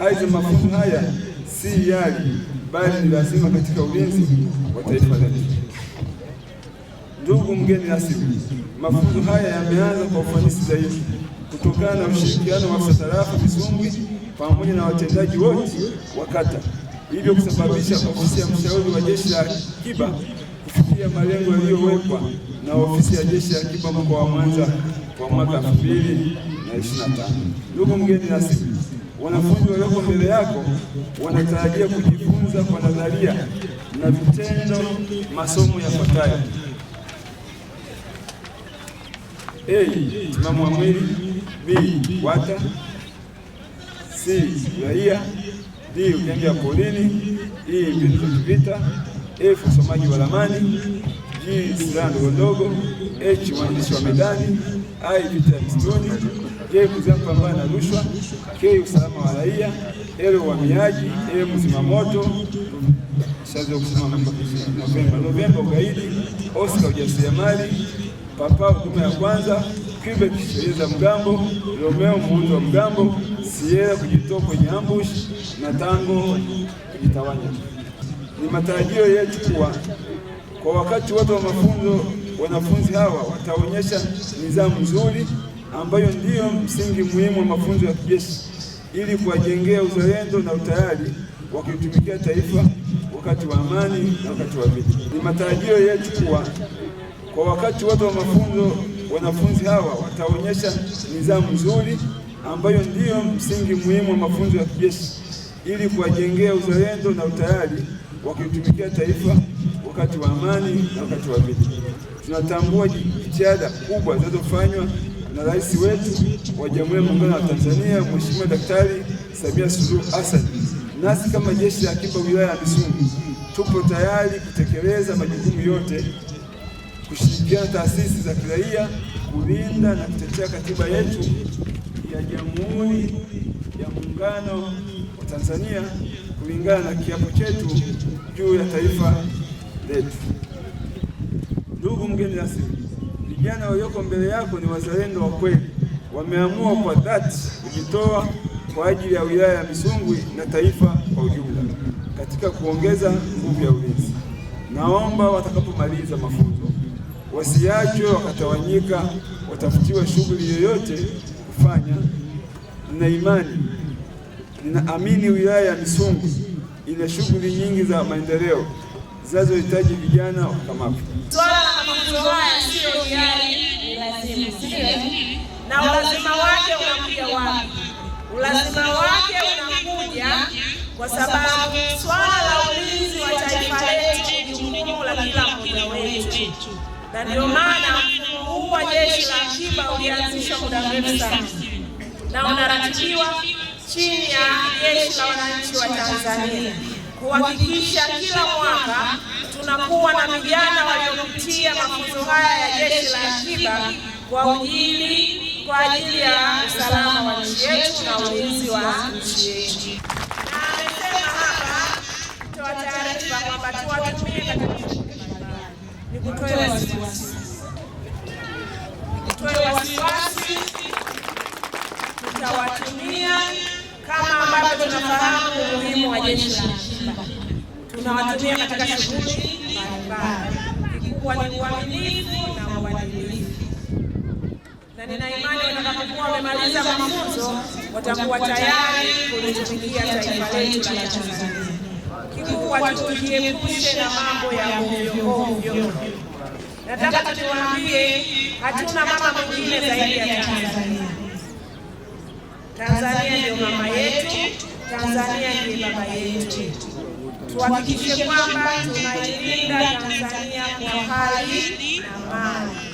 Aidha, mafunzo haya si yali bali ni lazima katika ulinzi wa taifa letu. Ndugu mgeni rasmi, mafunzo haya yameanza kwa ufanisi zaidi kutokana na ushirikiano wa afisa tarafa Misungwi pamoja na watendaji wote wa kata, hivyo kusababisha ofisi ya mshauri wa jeshi la akiba kufikia malengo yaliyowekwa na ofisi ya jeshi la akiba mkoa wa Mwanza kwa mwaka 2025. Ndugu mgeni rasmi Wanafunzi walioko mbele yako wanatarajia kujifunza kwa nadharia na vitendo masomo yafuatayo: A. timamu wa mwili, B. wata, C. raia D. ujanja ya polini, E. mbinu za kivita, F. E, usomaji wa ramani, G. silaha ndogondogo, H. uandishi wa medani, I. vita ya msituni j ya kupambana na rushwa, K usalama wa raia, L uhamiaji, M zimamoto Novemba, Novemba ugaidi, Oscar ujasiriamali, Papa huduma ya kwanza, Quebec sheria za mgambo, Romeo muundo wa mgambo, Sierra kujitoa kwenye ambush na Tango kujitawanya. Ni matarajio yetu kuwa kwa wakati wote wa mafunzo wanafunzi hawa wataonyesha nidhamu nzuri ambayo ndiyo msingi muhimu wa mafunzo ya kijeshi ili kuwajengea uzalendo na utayari wa kuitumikia taifa wakati wa amani na wakati wa vita. Ni matarajio yetu kuwa kwa wakati wote wa mafunzo wanafunzi hawa wataonyesha nidhamu nzuri ambayo ndiyo msingi muhimu wa mafunzo ya kijeshi ili kuwajengea uzalendo na utayari wa kuitumikia taifa wakati wa amani na wakati wa vita. Tunatambua jitihada kubwa zinazofanywa na rais wetu wa Jamhuri ya Muungano wa Tanzania Mheshimiwa Daktari Samia Suluhu Hassan. Nasi kama Jeshi la Akiba wilaya ya Misungu tupo tayari kutekeleza majukumu yote, kushirikiana taasisi za kiraia kulinda na kutetea katiba yetu ya Jamhuri ya Muungano wa Tanzania kulingana na kiapo chetu juu ya taifa letu. Ndugu mgeni rasmi Vijana walioko mbele yako ni wazalendo wa kweli, wameamua kwa dhati kujitoa kwa ajili ya wilaya ya Misungwi na taifa kwa ujumla katika kuongeza nguvu ya ulinzi. Naomba watakapomaliza mafunzo wasiachwe wakatawanyika, watafutiwa shughuli yoyote kufanya. Nina imani, ninaamini wilaya ya Misungwi ina shughuli nyingi za maendeleo zinazohitaji vijana haya na ulazima wake unakuja wapi? Ulazima wake unakuja kwa sababu swala la ulinzi wa taifa letu jukumu la kila mmoja wetu, na ndio maana mfumo huu wa jeshi la akiba ulianzishwa muda mrefu sana na unaratibiwa chini ya jeshi la wananchi wa Tanzania kuhakikisha kila mwaka tunakuwa na vijana waliopitia mafunzo haya ya jeshi la akiba kwa ujili kwa ajili ya usalama wa nchi yetu na ulinzi wa nchi yetu. Na amesema hapa kutoa taarifa kwamba tuwatumie katika nikutoe wasiwasi, wasiwasi, tutawatumia kama ambavyo tunafahamu umuhimu wa jeshi la akiba, tunawatumia katika shughuli mbalimbali, ikikuwa ni uaminifu na uadilifu na nina imani watakapokuwa wamemaliza mafunzo watakuwa tayari kulitumikia taifa letu la Tanzania. Kikubwa tujiepushe na mambo ya ovyo ovyo. Nataka tuwaambie hatuna mama mwingine zaidi ya Tanzania. Tanzania ndio mama yetu, Tanzania ndiye baba yetu. Tuhakikishe kwamba tunailinda Tanzania kwa hali na mali.